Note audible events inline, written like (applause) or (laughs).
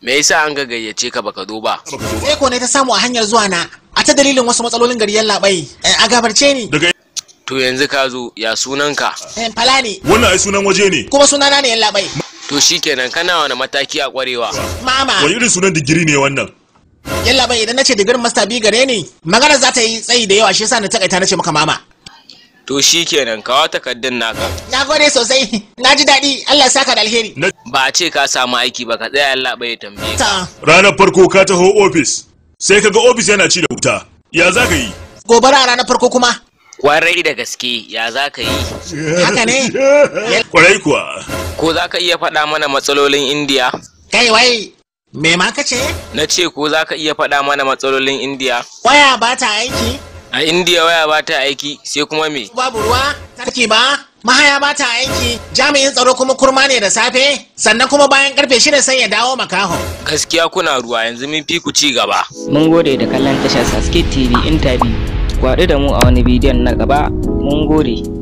me yasa an ga gayyace ka baka zo ba sai ko ne ta samu a hanyar zuwa na a ta dalilin wasu matsalolin gariyar labai eh, a gabarce ni to yanzu ka zo ya sunan ka eh, fala ne wannan ai sunan waje ne kuma sunana ne yan labai to shikenan kana wani mataki a kwarewa mama wani irin sunan digiri ne wannan yalla bai idan nace digirin master b gare ni magana za ta yi tsayi da yawa shi yasa na takaita nace maka mama to shi kenan kawo takardun naka na gode sosai na ji daɗi allah saka da alheri ba a ce ka samu aiki ba ka tsaya allah bai tambaye ka ranar farko ka taho ofis sai ka ga ofis yana ci da wuta ya za ka yi gobara a ranar farko kuma kwarai da gaske ya za ka yi haka ne (laughs) kwarai kuwa ko za ka iya faɗa mana matsalolin indiya kai wai me ma ka ce na ce ko za ka iya faɗa mana matsalolin indiya waya ba ta aiki a indiya waya ba ta aiki sai kuma me babu ruwa tarki ba mahaya ba ta aiki jami'in tsaro kuma kurma ne da safe sannan kuma bayan karfe shida sai ya dawo makaho gaskiya kuna ruwa yanzu mun fi ku ci gaba mun gode da kallon tashar saskit tv interview kwaɗu da mu a wani bidiyon na gaba mun gode